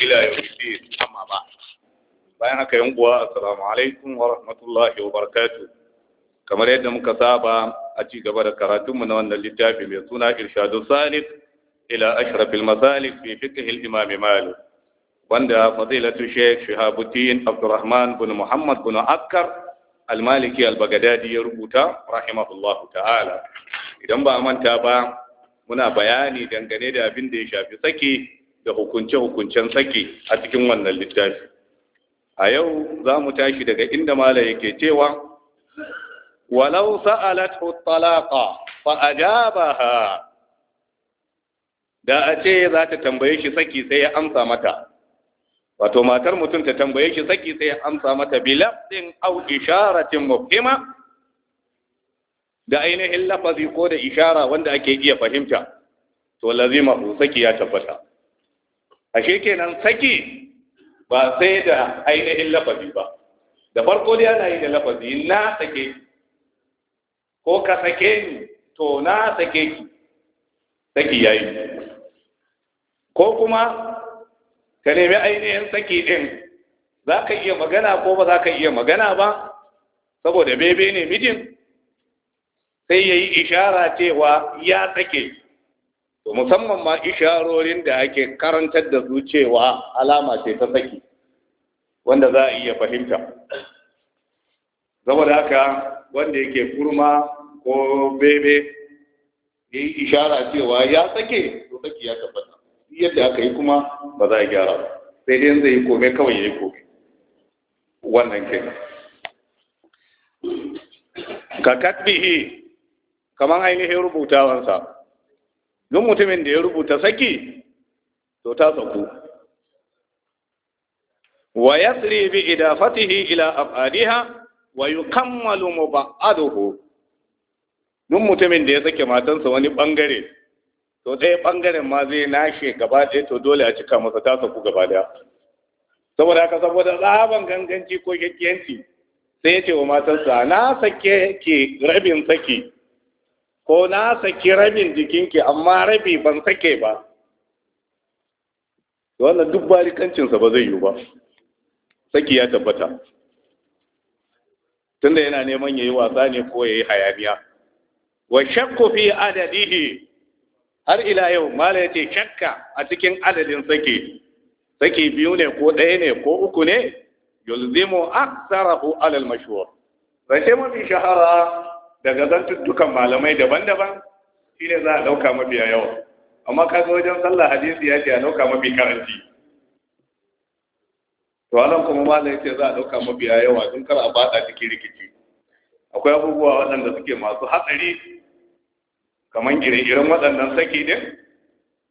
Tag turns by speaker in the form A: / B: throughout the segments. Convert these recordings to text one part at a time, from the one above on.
A: ila amma ba bayan haka yan uwa assalamu alaikum wa rahmatullahi wa barakatuh kamar yadda muka saba a ci gaba da karatunmu na wannan littafi mai suna irshadu salif ila ashrafil masalik fi fiqh al-imam malik wanda fadilatu sheikh shihabuddin abdurrahman bin muhammad bin akkar al-maliki al-bagdadi ya rubuta rahimahullahu ta'ala idan ba manta ba muna bayani dangane da abin da ya shafi saki da hukunce-hukuncen saki a cikin wannan littafi a yau za mu tashi daga inda mala yake cewa walau sa’alat talaqa fa ha, da a ce za ta tambaye shi saki sai ya amsa mata wato matar mutum ta tambaye shi saki sai ya amsa mata bilafin au isharatin mafima da ainihin lafazi ko da ishara wanda ake iya fahimta to lazima saki ya tabbata ashe kenan saki ba sai da ainihin lafazi ba da farko dai ana yi da lafazi na sake ko ka sake ni to na sake ki saki yayi ko kuma ka nemi ainihin saki ɗin za ka iya magana ko ba za ka iya magana ba saboda bebe ne mijin sai ya yi ishara cewa ya sake to musamman ma isharorin da ake karantar da su cewa alama ce ta saki wanda za a iya fahimta saboda haka wanda yake kurma ko bebe ya yi ishara cewa ya sake to saki ya tabbata yadda aka yi kuma ba za a gyara ba sai dai zai yi kome kawai ya yi kome wannan kenan ka katbihi kamar ainihin rubutawansa don mutumin da ya rubuta saki to ta sauku wa tsiri bi idafatihi ila afadiha wa ba adoho don mutumin da ya sake matansa wani bangare to ɗaya bangaren ma zai nashe gaba ɗaya to dole a cika masa ta sauku gaba ɗaya saboda haka saboda tsaban ganganci ko kyakkiyanci sai ya ce wa matarsa na sake ke rabin saki ko na saki rabin jikinki amma rabi ban sake ba wannan duk barikancinsa ba zai yi ba saki ya tabbata tunda yana neman yayi wasa ne ko yayi hayaniya wa shakku fi adadihi har ila yau mala yace shakka a cikin adadin saki saki biyu ne ko ɗaya ne ko uku ne yulzimu aktsarahu ala al-mashhur mafi shahara daga zantuttukan malamai daban-daban shi ne za a ɗauka mafi yawa amma kaga wajen sallah hadisi ya ce a ɗauka mafi karanci to anan kuma malam ce za a ɗauka mafi yawa tun kar a bada cikin rikici akwai abubuwa waɗanda suke masu hatsari kamar ire-iren waɗannan saki ne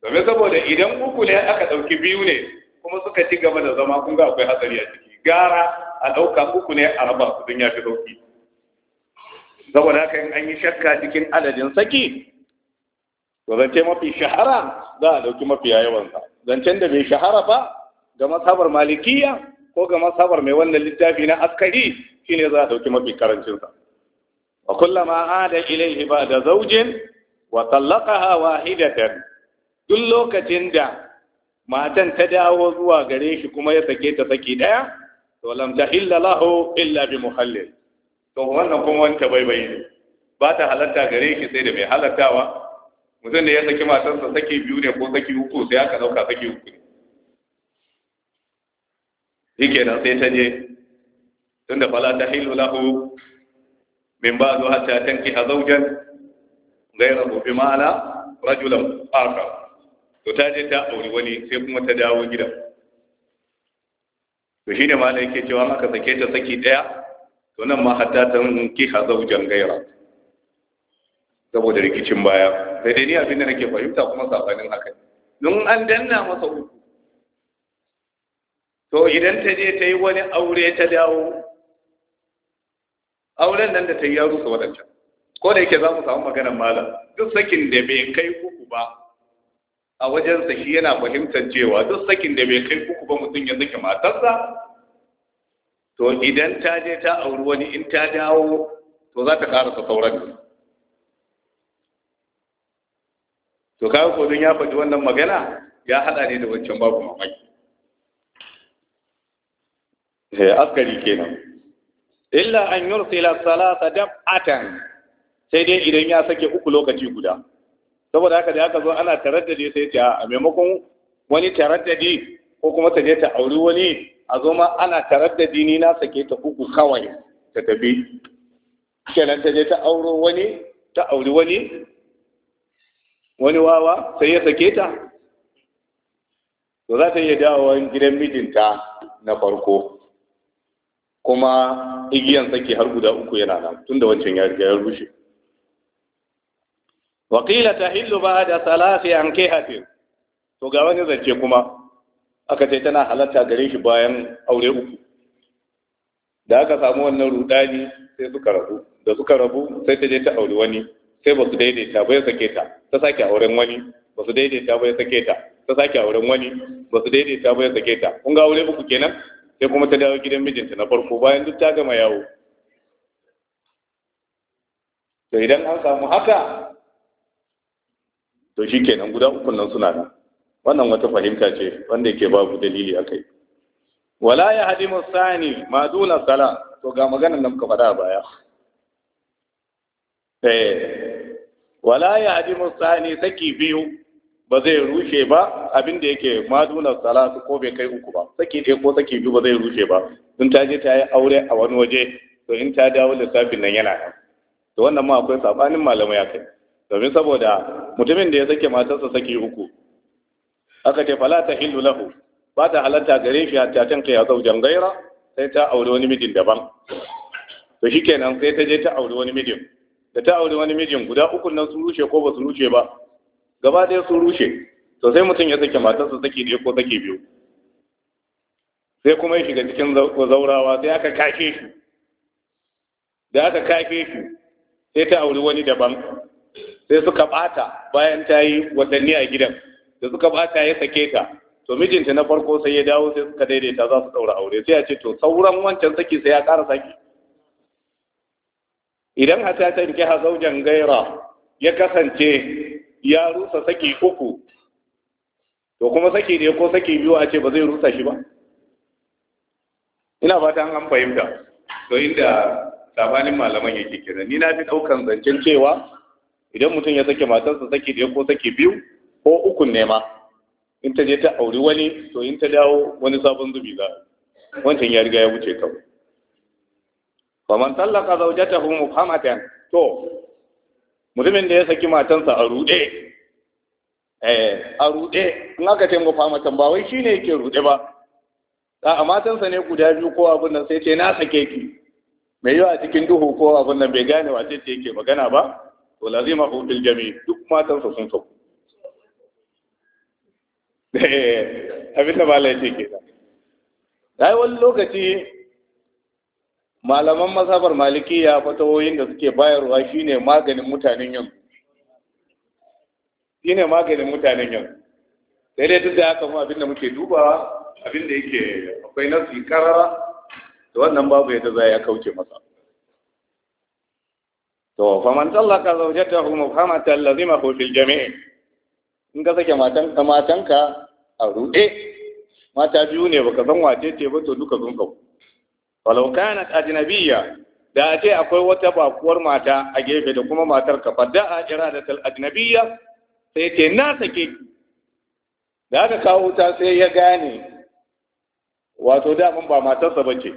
A: domin saboda idan uku ne aka ɗauki biyu ne kuma suka ci gaba da zama kun ga akwai hatsari a ciki gara a ɗauka uku ne a raba su don ya fi sauki saboda haka in an yi shakka cikin adadin saki to zance mafi shahara za a dauki mafi yawansa zancen da bai shahara ba ga masabar malikiya ko ga masabar mai wannan littafi na askari shine za a dauki mafi karancinsa wa kullama ada ilaihi ba da zaujin wa wahidatan duk lokacin da matan ta dawo zuwa gare shi kuma ya sake ta saki daya to lam illa lahu illa bi muhallil to wannan kuma wani tabaibayi ne ba ta halatta gare shi sai da mai halattawa mutum da ya saki matarsa saki biyu ne ko saki uku sai aka dauka saki uku ne yake nan sai ta je tunda fala ta hilu lahu min ba'du hatta tankiha zawjan ghayrahu bi ma'ana rajulan aka to ta je ta auri wani sai kuma ta dawo gida to shine malai yake cewa maka sake ta saki daya to nan ma hatta tan ki zaujan gaira saboda rikicin baya sai dai ni abin da nake fahimta kuma sabanin haka don an danna masa uku to idan ta je ta yi wani aure ta dawo auren nan da ta yi ya rusa waɗancan ko da yake za mu samu maganar malam duk sakin da bai kai uku ba a wajensa shi yana fahimtar cewa duk sakin da bai kai uku ba mutum ya saki matarsa to idan ta je ta auri wani in ta dawo to za ta karasa sauran ne to kawo kodin ya faɗi wannan magana ya haɗa ne da wancan babu mamaki eh, askari kenan illa an yursila salata dab'atan sai dai idan ya sake uku lokaci guda saboda haka da aka zo ana taraddade sai ta a maimakon wani taraddade ko kuma ta je ta auri wani a zo ma ana tarar da jini na sake ta uku kawai ta tafi kenan ta je ta auro wani ta auri wani wani wawa sai ya sake ta to za ta iya dawo gidan mijinta na farko kuma igiyan sake har guda uku yana nan tun da wancan ya riga ya rushe wakila ta hillu ba da salafi an kai hafi to ga wani zance kuma aka ce tana halatta gare shi bayan aure uku da aka samu wannan rudani sai suka rabu da suka rabu sai ta je ta auri wani sai ba su daidaita ba ya sake ta ta sake auren wani ba su daidaita ba ya sake ta ta sake auren wani ba su daidaita ba ya sake ta kun ga aure uku kenan sai kuma ta dawo gidan mijinta na farko bayan duk ta gama yawo to idan an samu haka to shi kenan guda ukun nan suna nan wannan wata fahimta ce wanda yake babu dalili a kai. wala ya hadimu sani ma duna sala to ga maganar da muka faɗa a baya eh. wala ya hadimu sani saki biyu ba zai rushe ba abin da yake madunar salatu ko bai kai uku ba saki ɗaya ko saki biyu ba zai rushe ba in ta je ta yi aure a wani waje to in ta dawo lissafin nan yana nan to wannan ma akwai saɓanin malamai a kai domin saboda mutumin da ya sake matarsa saki uku aka ce fala ta hillu lahu ba ta halatta gare shi hatta kai a zaujan gaira sai ta aure wani mijin daban to shikenan sai ta je ta aure wani mijin da ta aure wani mijin guda uku nan sun rushe ko ba su rushe ba gaba ɗaya sun rushe to sai mutum ya sake matarsa sake ɗaya ko sake biyu sai kuma ya shiga cikin zaurawa sai aka kashe shi da aka kafe shi sai ta auri wani daban sai suka ɓata bayan ta yi watanni a gidan da suka bata ya sake ta to mijinta na farko sai ya dawo sai suka daidaita za su daura aure sai ya ce to sauran wancan saki sai ya ƙara saki idan hata ta nke ha zaujan gaira ya kasance ya rusa saki uku to kuma saki ne ko saki biyu a ce ba zai rusa shi ba ina fata an fahimta to inda labarin malaman yake kenan ni na fi ɗaukan zancen cewa idan mutum ya sake matarsa saki ɗaya ko saki biyu ko ukun ne ma in ta je ta auri wani to in ta dawo wani sabon zubi za wancan ya riga ya wuce kawai man tallaka zawjatahu muhammadan to mutumin da ya saki matansa a rude eh a rude in aka ce mubhamatan ba wai shine yake rude ba a matansa ne guda biyu ko abin nan sai ce na sake ki mai yawa cikin duhu ko abin nan bai gane wace ce yake magana ba to lazima hu bil jami duk matansa sun sauko Eh, abin da malai ce ke da wani lokaci malaman masabar malikiya fatawoyin da suke bayarwa shine maganin mutanen yau. shine maganin mutanen yau. sai dai duk da haka mu abin da muke dubawa abin da yake akwai nasi karara da wannan babu yadda za ya kauce masa to faman tallaka zawjatahu mufhamatan lazima fil jami' in ka sake matanka matanka a ruɗe mata biyu ne baka san wace ce ba to duka sun kau walau kanat ajnabiyya da a ce akwai wata bakuwar mata a gefe da kuma matar ka fadda a tal ajnabiyya sai ce na sake da aka kawo ta sai ya gane wato daman ba matarsa ba ce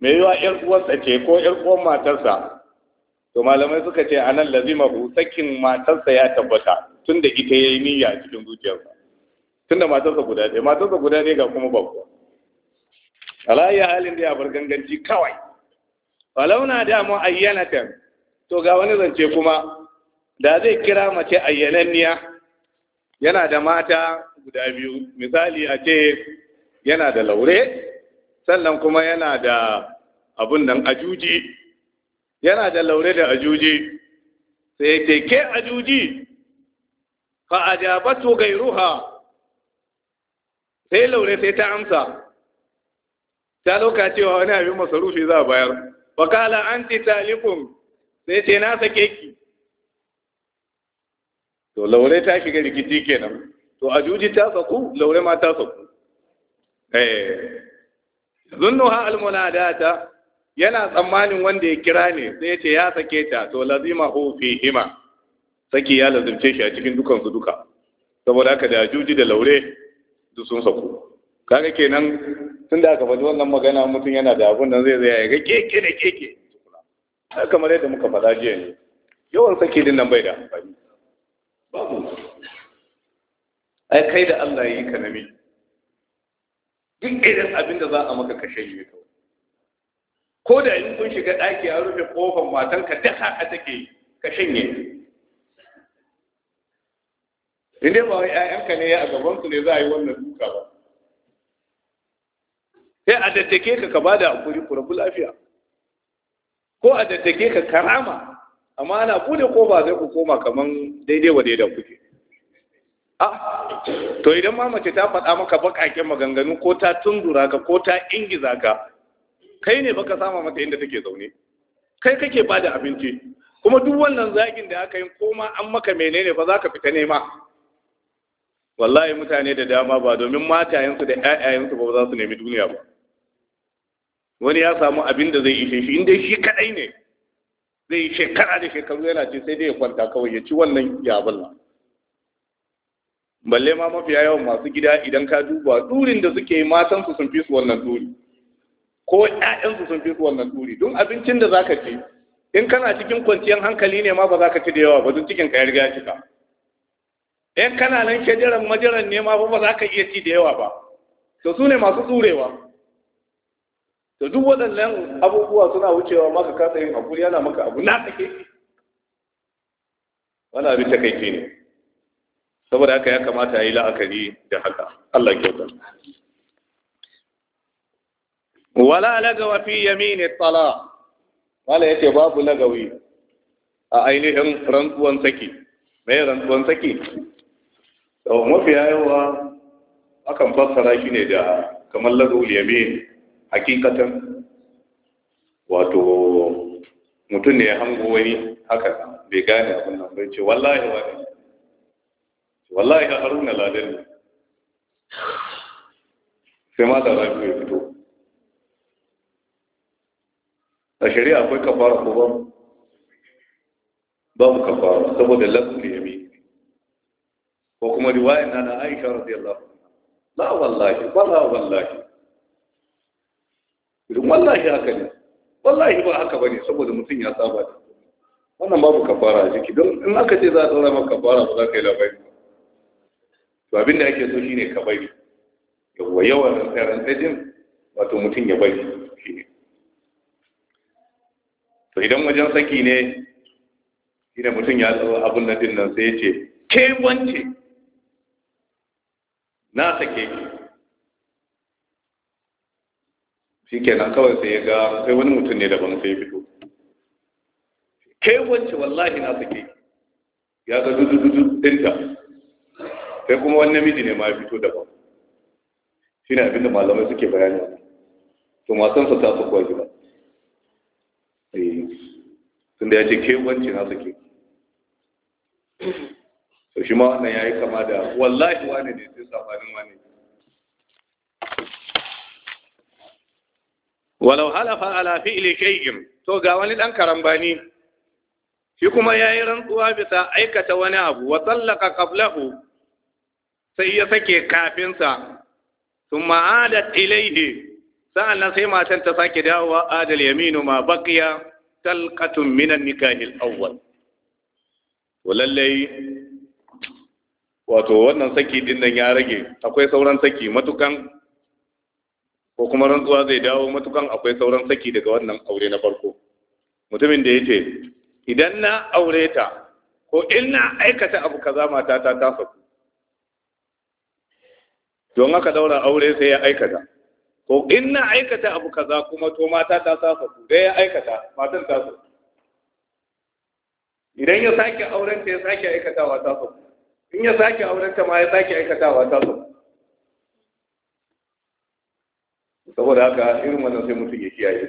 A: me yiwa yar uwarsa ce ko yar uwar matarsa to malamai suka ce anan lazima sakin matarsa ya tabbata tun da ita ya yi niyya a cikin zuciyarsa tun da matarsa guda ɗaya matarsa guda ɗaya ga kuma babu alayya halin da ya bar ganganci kawai launa da mu ayyanatan to ga wani zance kuma da zai kira mace ayyananniya yana da mata guda biyu misali a ce yana da laure sannan kuma yana da abun nan ajuji yana da laure da ajuji sai ke ajuji fa ajabatu gairuha sai laure sai ta amsa ta loka cewa wani abin masarufi za a bayar an anti talikum sai ce na sake ki to laure ta shiga rikici kenan to ajuji ta saku laure ma ta saku eh ha almunadata yana tsammanin wanda ya kira ne sai ce ya sake ta to lazima hu fihima saki ya lazimce shi a cikin dukansu duka saboda aka da juji da laure duk sun sauko kaga kenan tun da aka faɗi wannan magana mutum yana da abun nan zai zai ga keke da keke kamar yadda muka faɗa jiya ne yawan saki din nan bai da amfani babu ai kai da Allah yi ka nami duk irin abin da za a maka kashe yi ko da in kun shiga ɗaki a rufe kofar matanka duka ka take ka shanye in dai ba wai ƴaƴanka ne a gaban su ne za a yi wannan duka ba sai a daddake ka ka bada hakuri ku rabu lafiya ko a daddake ka karama amma ana bude ko ba sai ku koma kaman daidai wa daidai kuke a to idan ma mace ta faɗa maka baƙaƙen maganganu ko ta tundura ka ko ta ingiza ka kai ne baka sama mata inda take zaune kai kake bada abinci kuma duk wannan zagin da aka yi koma an maka menene ba za ka fita nema wallahi mutane da dama ba domin matayensu da ƴaƴayensu ba za su nemi duniya ba wani ya samu abin da zai ishe shi inda shi kadai ne zai shekara da shekaru yana ce sai dai ya kwanta kawai ya ci wannan ya balla balle ma mafiya yawan masu gida idan ka duba durin da suke matan su sun fi su wannan duri ko ƴaƴan su sun fi su wannan duri don abincin da zaka ci in kana cikin kwanciyar hankali ne ma ba za ka ci da yawa ba don cikin ka ya riga cika yan kana nan shajaran majiran ne ma ba za ka iya ci da yawa ba to su ne masu tsurewa to duk waɗannan abubuwa suna wucewa maka kasa yin hakuri yana maka abu na take wani abin ta kai ne saboda haka ya kamata a yi la'akari da haka Allah kyautar wala lagawa fi yamini tsala wala yake babu lagawi a ainihin rantsuwan saki mai rantsuwan saki sau mafi yawa akan fassara shi ne da kamar lazul yamin hakikatan wato mutum ne ya hango wani haka bai gane abin nan bai ce wallahi wani wallahi haruna ladar ne sai ma da rafi ya fito a shari'a akwai kafara ko ba mu kafara saboda lafi ne ko kuma riwayar na na aisha radiyallahu anha la wallahi wala wallahi idan wallahi haka ne wallahi ba haka bane saboda mutum ya saba da wannan babu kafara a jiki don in aka ce za a tsara maka kafara ba za ka yi labari to abin da ake so shine ka bai yawa yawan rantsarantsa tsajin wato mutum ya bai. shine to idan wajen saki ne shine mutum ya tsaro abin nan din nan sai ya ce ke wance na sake ki shi kenan kawai sai ya ga sai wani mutum ne daban sai ya fito kai wacce wallahi na sake ya ga dudududu ɗinta sai kuma wani namiji ne ma ya fito daban shi ne abinda malamai suke bayani to matansa ta su kuwa gida eh. tunda ya ce ke wance na sake to shi ma wannan kama da wallahi wani ne sai sabanin wani walau halafa ala fi'li shay'in to ga wani dan karambani shi kuma yayi rantsuwa bisa aikata wani abu wa sallaka sai ya sake kafinsa thumma adat ilayhi sa'annan sai matan ta sake dawowa adal yaminu ma baqiya talqatun minan nikahil awwal walallai wato wannan saki din nan ya rage akwai sauran saki matukan ko kuma rantsuwa zai dawo matukan akwai sauran saki daga wannan aure na farko mutumin da ce idan na aure ta ko in na aikata abu kaza mata ta ta faku don haka daura aure sai ya aikata ko in na aikata abu kaza kuma to mata ta ta faku da ya aikata matan ta faku idan ya sake auren ta ya sake aikatawa ta faku in ya sake auren ta ma ya sake aikatawa ta so saboda haka irin wannan sai mutum ya kiyaye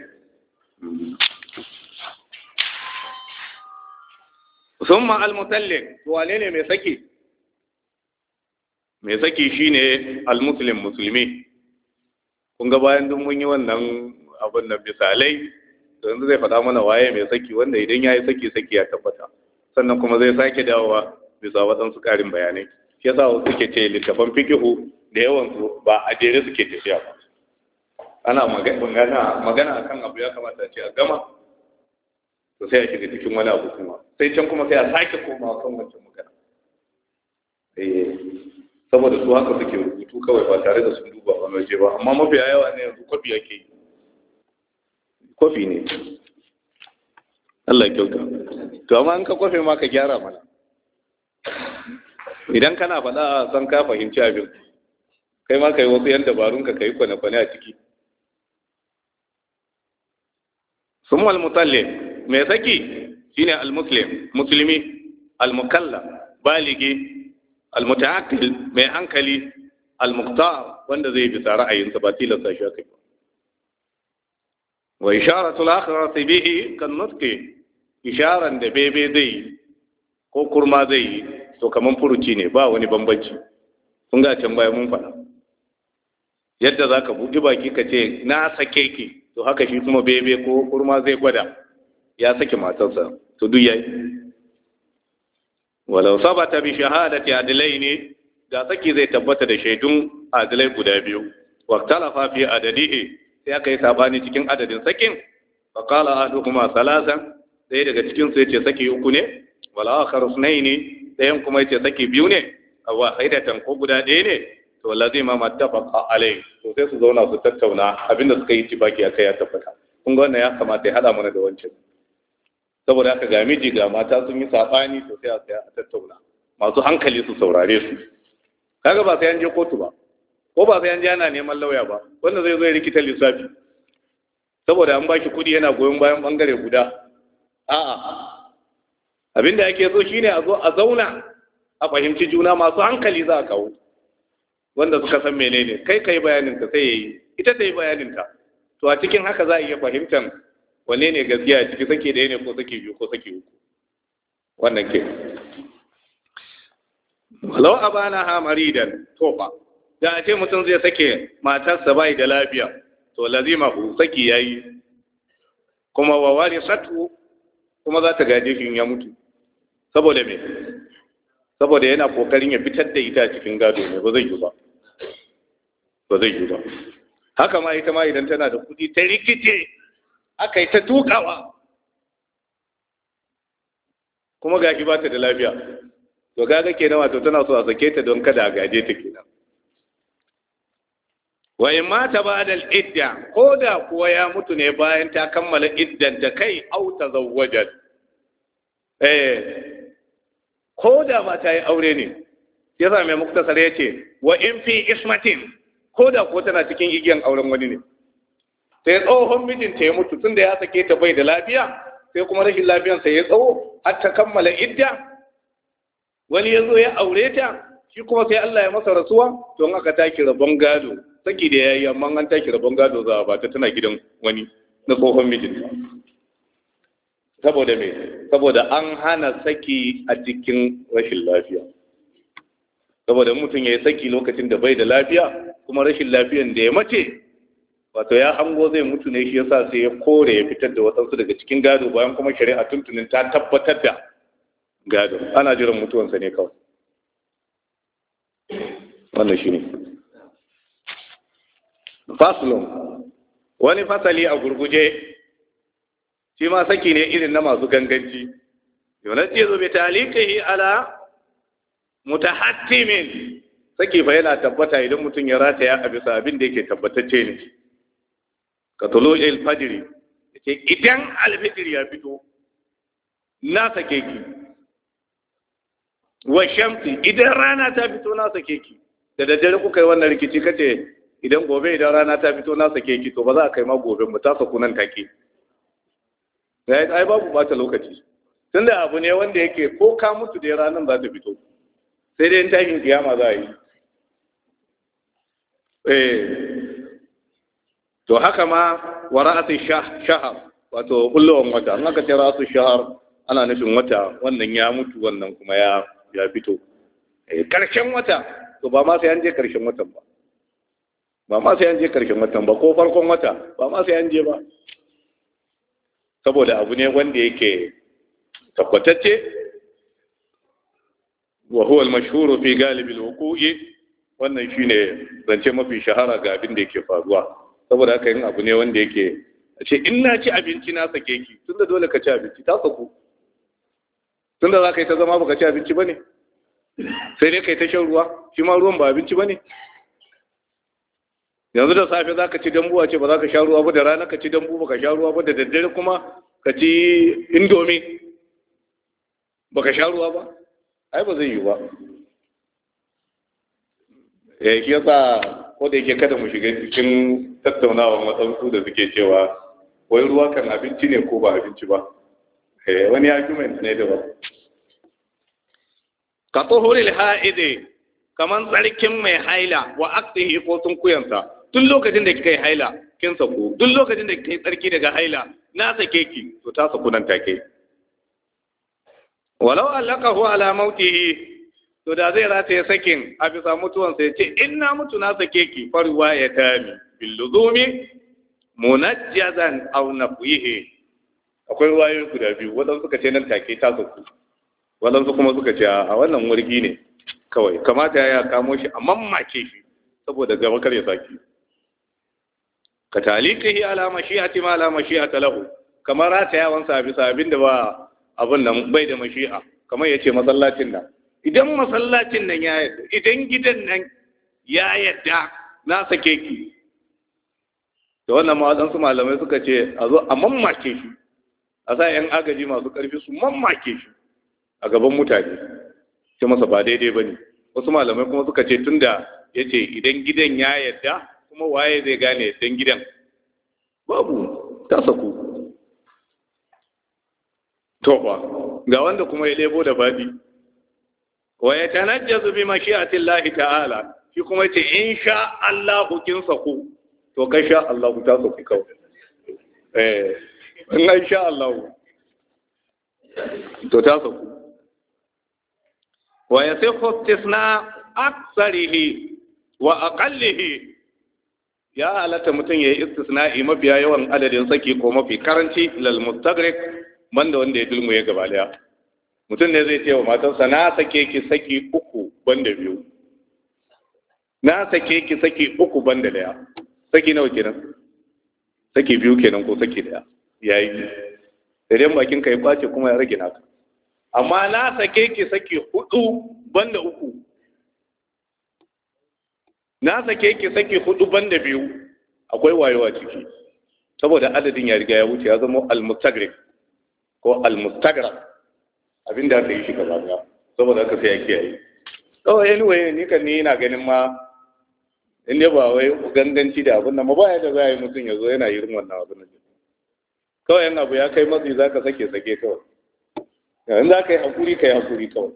A: sun al almutalle wane ne mai saki mai saki shine al almutalin musulmi kun ga bayan dun mun yi wannan abin nan misalai yanzu zai faɗa mana waye mai saki wanda idan ya yi saki saki ya tabbata sannan kuma zai sake dawowa bisa waɗansu ƙarin bayanai sa wasu suke ce littafan fikihu da yawan su ba a jere suke tafiya ba ana magana magana akan abu ya kamata ce a gama to sai a shiga cikin wani abu kuma sai can kuma sai a sake komawa kan wancan magana eh saboda su haka suke rubutu kawai ba tare da sun duba ba waje ba amma mafi yawa ne yanzu kwafi yake yi kwafi ne Allah kyauta to amma in ka kofi ma ka gyara mana idan kana faɗa san ka fahimci abin kai ma kai wasu yan dabarun ka, kai kwane-kwane a ciki sun al mai saki shine al-muslim musulmi al-mukalla baligi al-mutaakkil mai hankali al-muqtar wanda zai bisa ra'ayinsa ba tilasta shi kai wa isharatul akhirati bihi kan nuske isharan da bebe zai yi ko kurma zai yi. to kaman furuci ne ba wani bambanci kun ga can baya mun faɗa yadda za ka buɗi baki ka ce na sake ki to haka shi kuma bebe ko kurma zai gwada ya sake matarsa to duk yayi walau sabata bi shahadati adilai ne da saki zai tabbata da shaidun adilai guda biyu talafa fi adadihi sai aka yi sabani cikin adadin sakin qala ahaduhuma salasan sai daga cikin su yace saki uku ne wala akhar sunaini dayan kuma yace saki biyu ne aw wahidatan ko guda ɗaya ne to ma mattafaqa alai to sai su zauna su tattauna abinda suka yi tibaki akai ya tabbata kun ga wannan ya kamata ya hada mana da wancan saboda haka ga miji ga mata sun yi sabani to sai a tsaya a tattauna masu hankali su saurare su kaga ba sai an je kotu ba ko ba sai an je ana neman lauya ba wanda zai zo ya rikita lissafi saboda an baki kudi yana goyon bayan bangare guda a'a abin da yake so shine a zo a zauna a fahimci juna masu hankali za a kawo wanda suka san menene kai kai bayanin ka sai yayi ita ta yi bayanin ta to a cikin haka za a iya fahimtar wanne ne gaskiya a ciki sake da ne ko sake biyu ko sake uku wannan ke walau a bana ha da to da a ce mutum zai sake matarsa bai da lafiya to lazima ku saki yayi kuma wa wari satu kuma za ta gaje shi ya mutu saboda me saboda yana kokarin ya fitar da ita cikin gado ne ba zai yi ba ba zai yi ba haka ma ita ma idan tana da kudi ta rikice aka yi ta tukawa kuma ga shi bata da lafiya to kaga kenan wato tana so a sake ta don kada a gaje ta kenan wa in mata ba da idda ko da kuwa ya mutu ne bayan ta kammala iddan da kai au tazawwajat eh ko da ma ta yi aure ne ya sa mai muktasar ya ce wa in fi ismatin ko da ko tana cikin igiyan auren wani ne sai tsohon mijinta ya mutu tunda ya sake ta bai da lafiya sai kuma rashin sai ya tsawo har ta kammala idda wani ya zo ya aure ta shi kuma sai Allah ya masa rasuwa don aka taki rabon gado saki da yayi amma an taki rabon gado za a bata tana gidan wani na tsohon mijinta saboda me saboda an hana saki a cikin rashin lafiya saboda mutum ya yi saki lokacin da bai da lafiya kuma rashin lafiyan da ya mace wato ya hango zai mutu ne shi yasa sai ya kore ya fitar da wasansu daga cikin gado bayan kuma shari'a tuntunin ta tabbatar da gado ana jiran mutuwansa ne kawai wannan shi ne wani fasali a gurguje shi ma saki ne irin na masu ganganci yunajjizu bi taliqihi ala mutahattimin saki fa yana tabbata idan mutum ya rataya ya abisa abin da yake tabbatacce ne ka tulo il fajiri yace idan alfijir ya fito na sake ki wa shamsi idan rana ta fito na sake ki da daddare kuka yi wannan rikici kace idan gobe idan rana ta fito na sake ki to ba za a kai ma gobe mu ta saku nan take right ai babu bata lokaci tunda abu ne wanda yake ko ka mutu da ranar za ta fito sai dai tashin kiyama za a yi eh. to haka ma wa ra'atu shahar wato kullum wata an haka ce ra'atu shahar ana nufin wata wannan ya mutu wannan kuma ya ya fito karshen eh, wata to ba ma sai an je karshen watan ba ba ma sai an je karshen watan ba ko farkon wata ba ma sai an je ba saboda abu ne wanda yake tabbatacce wa huwa al-mashhur fi galib al-wuqu'i wannan shine zance mafi shahara ga abin da yake faruwa saboda haka yin abu ne wanda yake a ce in na ci abinci na sake ki tunda dole ka ci abinci ta saku tunda za ka yi ta zama baka ci abinci bane sai dai kai ta shan ruwa shi ma ruwan ba abinci bane yanzu da safe za ka ci dambu a ce ba za ka sha ruwa ba da rana ka ci dambu ba ka sha ruwa ba da daddare kuma ka ci indomi ba ka sha ruwa ba ai ba zai yi ba ya eh, yi yasa ko da yake kada mu shiga cikin tattaunawa matsalolin da suke cewa wai ruwa kan abinci ne ko ba abinci ba eh, wani argument ne da ba ka tsohuri haide kamar tsarkin mai haila wa aksihi ko tunkuyansa duk lokacin da kika yi haila kin sako duk lokacin da kika yi tsarki daga haila na sake ki to ta sako nan take walau allaqahu ala mautihi to da zai ya sakin a bisa mutuwan sai ce in na mutu na sake ki farwa ya tami luzumi munajjazan aw nafihi akwai wayoyi guda biyu wadan suka ce nan take ta saku wadan kuma suka ce a wannan wargi ne kawai kamata ya kamo shi a ke shi saboda gaba kar ya saki ka taliqihi ala mashi'ati ma ala mashi'ata lahu kamar yawan sabi sabin da ba abin nan bai da mashi'a kamar yace masallacin nan idan masallacin nan ya yadda idan gidan nan ya yadda na sake ki da wannan ma wadansu malamai suka ce a zo a mammake shi a sa yan agaji masu karfi su mammake shi a gaban mutane ce masa ba daidai ba ne wasu malamai kuma suka ce tunda ya ce idan gidan ya yadda kuma waye zai gane dan gidan babu ta saku toba ga wanda kuma ya lebo da babi wa ya tanajjazu bi mashi'atillahi ta'ala shi kuma ce in sha Allah kin saku to kai sha Allah ta saku kawai eh in sha Allah to ta saku wa yasihhu tisna aktsarihi wa aqallihi ya halatta mutum ya yi istisna'i mafiya yawan adadin saki ko mafi karanci lal mustagrik banda wanda ya dulmu ya gabaliya mutum ne zai ce wa matarsa na sake ki saki uku banda biyu na sake ki saki uku banda daya saki nawa kenan saki biyu kenan ko saki daya yayi Da dai bakin ka yi kwace kuma ya rage naka amma na sake ki saki hudu banda uku na sake yake sake hudu banda biyu akwai wayewa ciki saboda adadin ya riga ya wuce ya zama almustagrik ko almustagra abin da aka yi shi gaba ɗaya saboda aka sai ya kiyaye kawai anyway ni kan ni ina ganin ma in dai ba wai ganganci da abin nan ba ya da za a yi mutum ya zo yana irin wannan abin nan kawai yan abu ya kai matsi za ka sake sake kawai in za ka yi hakuri ka yi hakuri kawai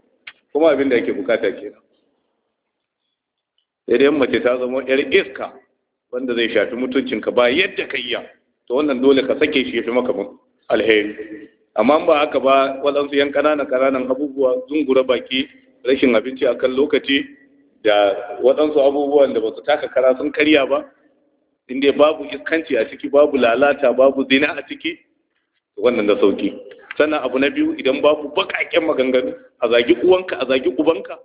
A: kuma abin da yake bukata kenan sai dai mace ta zama yar iska wanda zai shafi mutuncinka ba yadda ka yi to wannan dole ka sake shi ya fi maka alheri amma ba haka ba waɗansu yan ƙananan ƙananan abubuwa zungura baki rashin abinci a kan lokaci da waɗansu abubuwan da ba su taka kara sun karya ba inda babu iskanci a ciki babu lalata babu zina a ciki wannan da sauki sannan abu na biyu idan babu baƙaƙen maganganu a zagi uwanka a zagi ubanka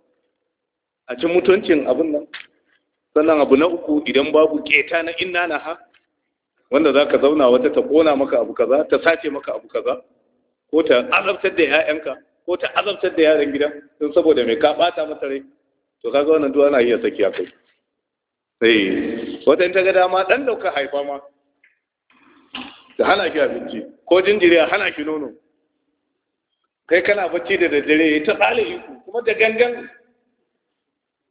A: a cin mutuncin abin nan sannan abu na uku idan babu keta na inna ha, wanda za ka zauna wata ta kona maka abu kaza ta sace maka abu kaza ko ta azabtar da 'ya'yanka ko ta azabtar da yaran gida don saboda mai ka bata masa rai to ka ga wannan duwa na iya saki akai Sai eh, wata in ta ga dama dan dauka haifa ma ta hana shi abinci ko jinjiri a hana ki nono kai kana bacci da daddare ya ta tsale ku kuma da gangan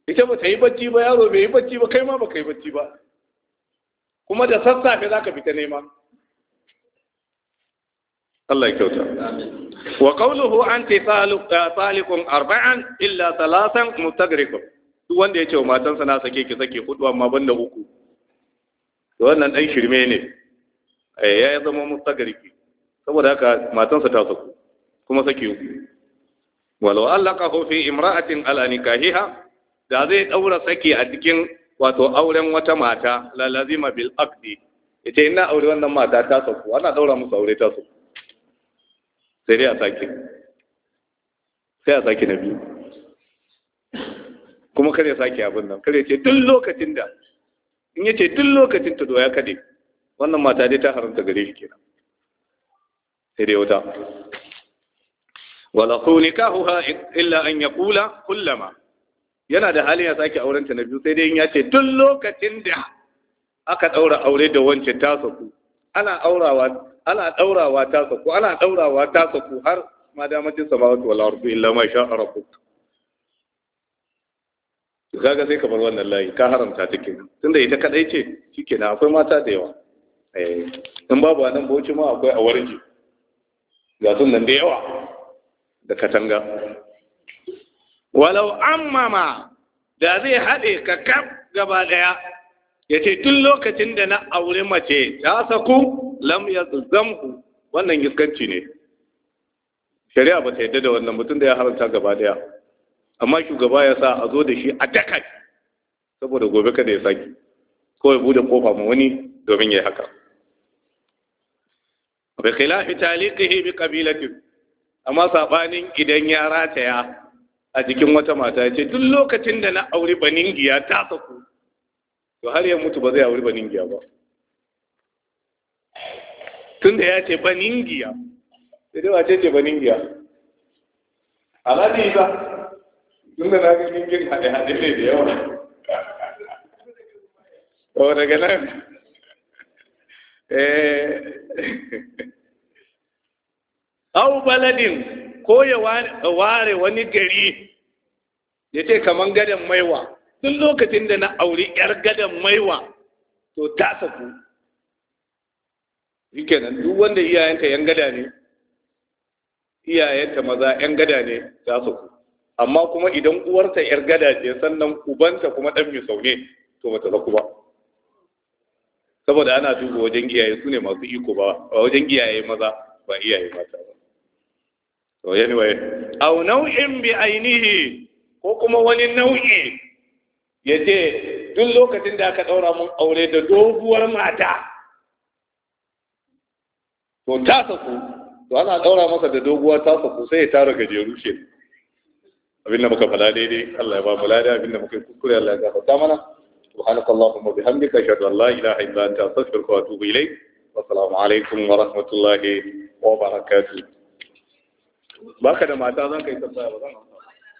A: ita ba ta yi bacci ba yaro bai yi bacci ba kai ma ba kai bacci ba kuma da sassafe za ka fita nema Allah ya kyauta wa qawluhu anti eh, salikun arba'an illa thalathan mustagriqun duk wanda ya ce wa matansa na sake ki sake hudu amma banda uku to wannan dan shirme ne eh ya zama mustagriki saboda haka matansa ta saku kuma sake uku walau allaqahu fi imra'atin ala nikahiha da zai daura saki a cikin wato auren wata mata la lazima bil aqdi ita ina aure wannan mata ta sako ana daura musu aure ta sauko sai dai a sake, sai a sake na biyu kuma kare sake abin nan kare ce duk lokacin da in yace duk lokacin ta doya kade wannan mata dai ta haramta gare shi kenan sai dai wata wala qulikahu illa an yaqula kullama yana da halin ya sake auren ta na biyu sai dai in ya ce duk lokacin da aka daura aure da wancan ta saku ana aurawa ana daurawa ta saku ana daurawa ta saku har ma damacin samawati wal ardu illa ma sha rabbuk kaga sai ka bar wannan layi ka haramta take tunda ita kadai ce shikenan akwai mata da yawa eh in babu nan bauchi ma akwai a warji ga sun nan da yawa da katanga walau ammama da zai haɗe ka kaf gaba ɗaya ya ce tun lokacin da na aure mace ta saku lam ya zamku wannan giskanci ne shari'a ba ta yadda da wannan mutum da ya haramta gaba ɗaya amma shugaba ya sa a zo da shi a daka saboda gobe kada ya saki ko ya bude kofa ma wani domin ya yi haka bi khilafi taliqihi bi qabilatin amma sabanin idan ya rataya a jikin wata mata ya ce duk lokacin da na auri baningiya ta saku to har ya mutu ba zai auri baningiya ba tun da ya ce baningiya sai dai wace ce baningiya alhaji ba tun da na ga ningin haɗe-haɗe ne da yawa to daga nan eh au baladin ko ya ware wani gari ya ce kaman gadon maiwa duk lokacin da na auri yar gadon maiwa to ta saku Rike nan duk wanda iyayenta yan gada ne iyayenta maza yan gada ne ta saku amma kuma idan uwarta yar gada ce sannan ubanta kuma dan mai saune to bata saku ba saboda ana duba wajen iyaye su ne masu iko ba wajen iyaye maza ba iyaye mata ba to anyway aw nau'in bi ainihi ko kuma wani nau'i yace duk lokacin da aka daura mun aure da doguwar mata to ta saku to ana daura masa da doguwa ta saku sai ya tara gajeru ke abinda muka fada daidai Allah ya ba mu lada abinda muka kuskure Allah ya gafarta mana سبحانك اللهم وبحمدك اشهد ان لا اله الا انت استغفرك واتوب اليك والسلام عليكم ورحمه الله وبركاته ba ka da mata za ka yi tambaya ba za